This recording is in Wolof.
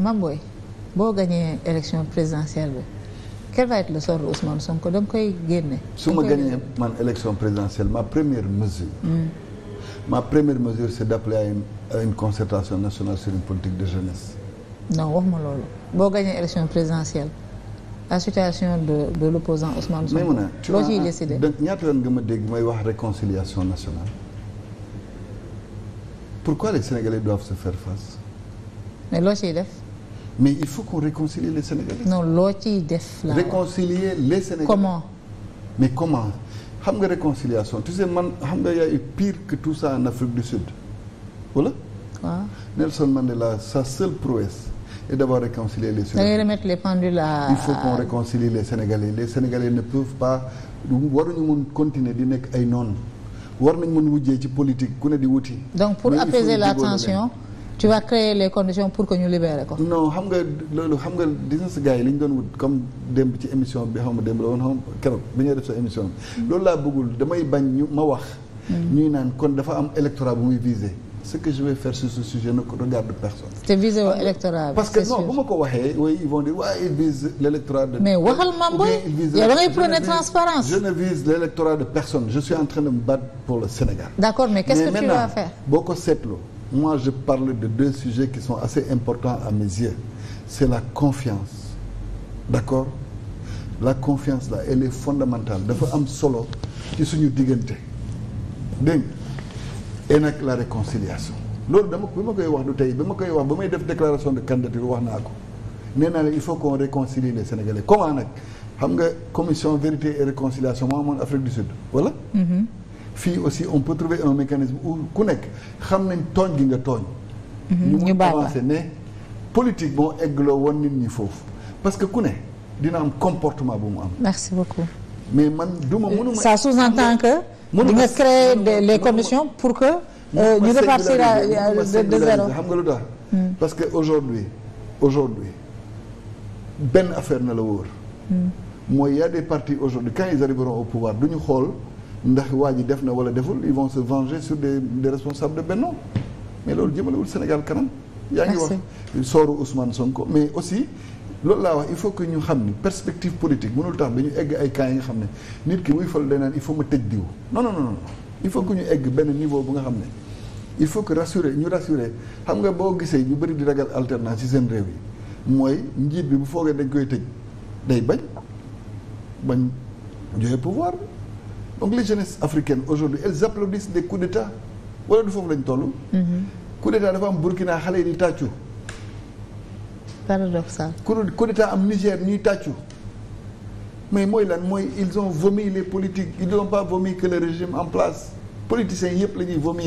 Mamboy boo gagné élection présidentielle bi quel va être le sort de Ousmane Sonko ko nga koy génne. su ma gagné man élection présidentielle ma première mesure. Hmm. ma première mesure c' est d' appeler à une à une de jeunesse. non ma loolu boo gagné élection présidentielle la situation de de l' opposant Ousmane Sonko. ci mun loo ciy décidé donc ñaata yoon nga ma dégg may wax réconciliation nationale. pourquoi les Sénégalais doivent se faire face. mais loo ciy def. mais il faut qu'on réconcilie les Sénégalais. non loo ciy def la. réconcilier les Sénégalais comment. mais comment xam nga réconciliation tu sais man xam nga y a que tout ça en Afrique du Sud voilà. waaw Nelson Mandela sa seule prouesse est d'avoir réconcilié les Sénégalais. da ngay remettre les pendules à. il faut qu'on réconcilie les Sénégalais les Sénégalais ne peuvent pas waruñu mun continuer di nekk ay noonu war nañ mun wujjee ci politique ku ne di wuti. donc pour a la tension. tu vas créer les conditions pour que ñu libérer ko. non xam nga loolu xam nga business gars yi li ñu doon wut comme démb ci émission bi xam nga démb la woon xam keroog bi mm. wax. Mm. ñuy naan kon dafa am électorat bu muy viser. ce que je vais faire parce que non bu ma ko waxee. oui ils vont dire waaye ouais, il vise l'électorat de. mais waxal maam booy yow da ngay prôner je ne vise l'électorat de personne je suis en train de pour le Sénégal. d'accord mais qu'est-ce que tu vas faire boo ko seetloo. Moi, je parle de deux sujets qui son assez importants am mes yeux. C'est la confiance. D'accord La confiance, la elle est fondamentale. dafa am solo ci suñu diggante dégg nga et nag la réconciliation loolu dama bi ma koy wax du tey bi ma koy wax ba may def déclaration de candidature wax naa ko nee naa ne il faut qu'on réconcilie les Sénégalais comment nag xam nga commission vérité et réconciliation moo amoon Afrique du Sud voilà. Mm-hmm. fii aussi on peut trouver un mécanisme où ku nekk xam nañ tooñ gi nga tooñ. Mhm, ñu baal commencé ne politique moo eggloo woon nit ñi foofu parce que ku ne dina am comportement bu mu am. merci beaucoup. mais man duma mënuma ça sous-entend que. di nga créer les conditions pour que. Euh, ñu repartir de zéro xam nga lu tax. Hmm. parce que aujourd'hui aujourd'hui benn affaire na la wóor. Hmm. mooy y a des partis aujourd'hui quand au pouvoir du ñu xool. ndax waa ji def na wala deful ils vont se venger sur des des responsables de Benno mais loolu jëmalewul Sénégal kanam yaa ngi wax sooru Ousmane Sonko mais aussi loolu laa wax il faut que ñu xam ni perspective politique mënul tax ba ñu egg ay cas yi nga xam ne nit ki muy fal day naan il faut ma tëj diw non non non il faut que ñu egg benn niveau bu nga xam ne il faut que rassurer ñu rassurer xam nga boo gisee ñu bëri di ragal alternance ci seen réew yi mooy njiit bi bu foogee dañ koy tëj day bañ bañ joxe pouvoir bi donc les jeunesses africaines aujourd'hui elles applaudissent des coups d'état wala du foofu lañ toll. Mhm. coup d'état dafa am Burkina xale yi di tàccu. paradoxal. coup d'état am Niger ñuy tàccu. mais mooy lan mooy ils ont vomi les politiques ils n'ont pa vomi que le régime en place politiciens yëpp la ñuy vomi.